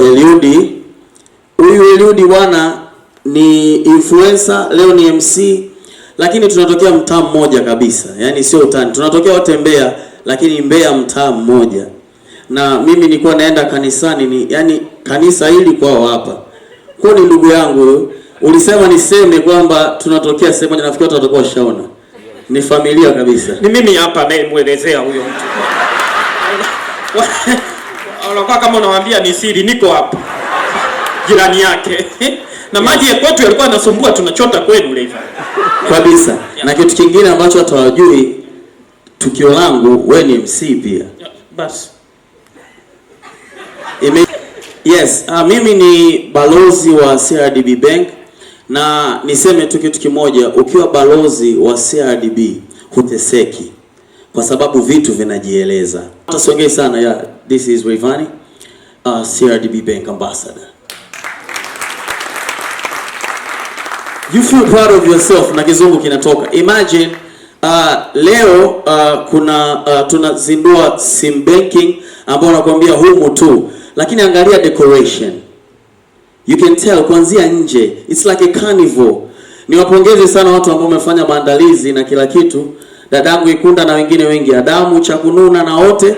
Eliudi. Huyu Eliudi bwana ni influencer, leo ni MC, lakini tunatokea mtaa mmoja kabisa, yaani sio utani, tunatokea wote Mbeya, lakini Mbeya mtaa mmoja na mimi nilikuwa naenda kanisani ni, yani kanisa hili kwao hapa kwa ni ndugu yangu Ulisema niseme kwamba tunatokea sehemu moja, nafikiri watu watakuwa washaona ni familia kabisa. Ni mimi hapa anayemwelezea huyo mtu unakuwa kama unawaambia ni siri, niko hapa jirani yake na maji ya kwetu yalikuwa yanasumbua, tunachota kwenu leva kabisa yeah. Na kitu kingine ambacho hata wajui, tukio langu we ni MC pia yeah, basi Ime... yes uh, mimi ni balozi wa CRDB Bank na niseme tu kitu kimoja, ukiwa balozi wa CRDB huteseki kwa sababu vitu vinajieleza. Utasongei sana ya This is Rivani, uh, CRDB Bank Ambassador. You feel proud of yourself na kizungu kinatoka. Imagine uh, leo uh, kuna uh, tunazindua sim banking ambao nakwambia humu tu, lakini angalia decoration. You can tell kuanzia nje it's like a carnival. Niwapongeze sana watu ambao wamefanya maandalizi na kila kitu, dadangu Ikunda na wengine wengi, Adamu Chakununa na wote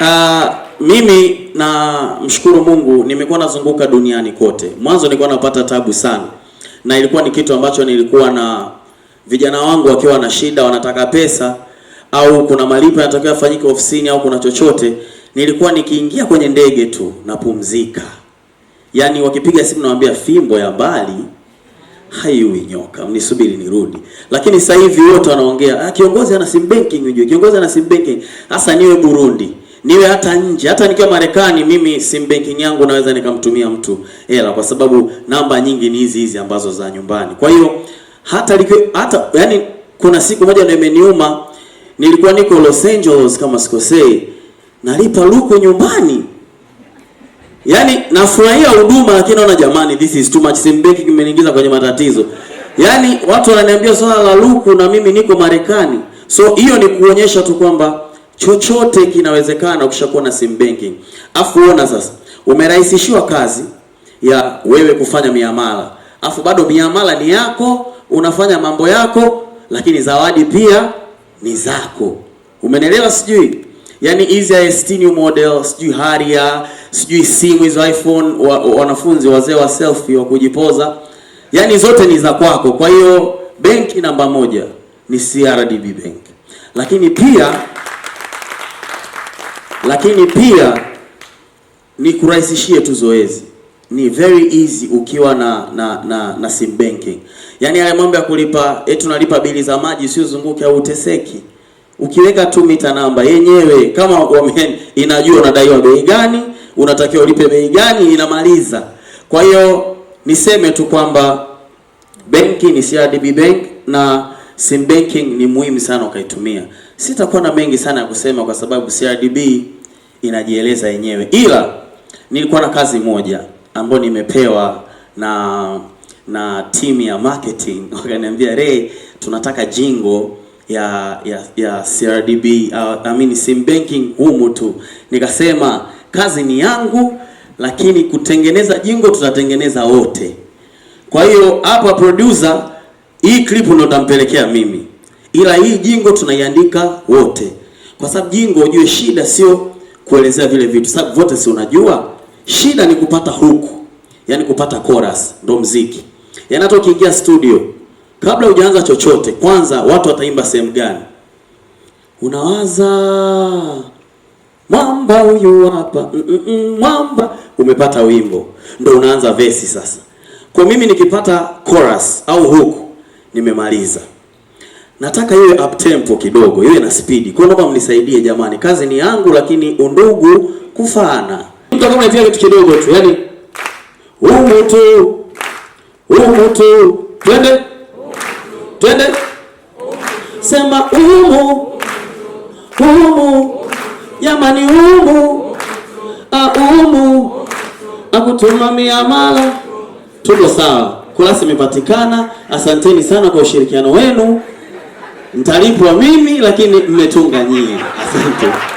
Uh, mimi na mshukuru Mungu nimekuwa nazunguka duniani kote. Mwanzo nilikuwa napata tabu sana, na ilikuwa ni kitu ambacho nilikuwa na vijana wangu wakiwa na shida, wanataka pesa au kuna malipo yanatakiwa yafanyike ofisini au kuna chochote, nilikuwa nikiingia kwenye ndege tu napumzika. Yaani wakipiga simu nawaambia fimbo ya mbali haiwi nyoka, mnisubiri nirudi. Lakini sasa hivi wote wanaongea ah, kiongozi ana sim banking, unajua kiongozi ana sim banking. Hasa niwe Burundi niwe hata nje, hata nikiwa Marekani, mimi sim banking yangu naweza nikamtumia mtu hela, kwa sababu namba nyingi ni hizi hizi ambazo za nyumbani. Kwa hiyo hata likiwa, hata yani, kuna siku moja ndio imeniuma, nilikuwa niko Los Angeles kama sikosei, nalipa luku nyumbani, yaani nafurahia huduma, lakini naona jamani, this is too much, sim banking imeniingiza kwenye matatizo. Yaani watu wananiambia swala la luku na mimi niko Marekani, so hiyo ni kuonyesha tu kwamba chochote kinawezekana ukishakuwa na sim banking. Afu uona sasa umerahisishiwa kazi ya wewe kufanya miamala, afu bado miamala ni yako, unafanya mambo yako, lakini zawadi pia ni zako. umenelewa Sijui yani hizi IST new model, sijui haria, sijui simu hizo iPhone, wa, wanafunzi wazee wa selfie wa kujipoza, yani zote ni za kwako. Kwa hiyo benki namba moja ni CRDB Bank, lakini pia lakini pia ni kurahisishie tu zoezi. Ni very easy ukiwa na na na, na sim banking, yaani yale mambo ya kulipa eti eh, tunalipa bili za maji, sio zunguke au uteseki. Ukiweka tu mita namba yenyewe kama wame, inajua unadaiwa bei gani, unatakiwa ulipe bei gani, inamaliza. Kwa hiyo niseme tu kwamba benki ni CRDB Bank na sim banking ni muhimu sana ukaitumia. Sitakuwa na mengi sana ya kusema kwa sababu CRDB inajieleza yenyewe, ila nilikuwa na kazi moja ambayo nimepewa na na timu ya marketing, wakaniambia Ray, tunataka jingo ya ya, ya CRDB uh, I mean sim banking humu tu. Nikasema kazi ni yangu, lakini kutengeneza jingo tutatengeneza wote. Kwa hiyo hapa producer, hii clip ndio tampelekea mimi, ila hii jingo tunaiandika wote, kwa sababu jingo, ujue shida sio kuelezea vile vitu, sababu vote si unajua, shida ni kupata huku, yani kupata chorus ndo mziki. Yani hata ukiingia studio, kabla hujaanza chochote, kwanza watu wataimba sehemu gani, unawaza mwamba huyu hapa, mm -mm, mm mwamba, umepata wimbo, ndo unaanza vesi sasa. Kwa mimi nikipata chorus au huku, nimemaliza nataka iwe up tempo kidogo, iwe na spidi. Kwa naomba mnisaidie jamani, kazi ni yangu, lakini undugu kufana. Mtu kama anatia kitu kidogo tu, yani huu tu twende twende, sema umu umu, jamani umu a ah, umu akutuma miamala. Tuko sawa, kurasa imepatikana. Asanteni sana kwa ushirikiano wenu mtalipwa mimi, lakini mmetunga nyinyi. Asante.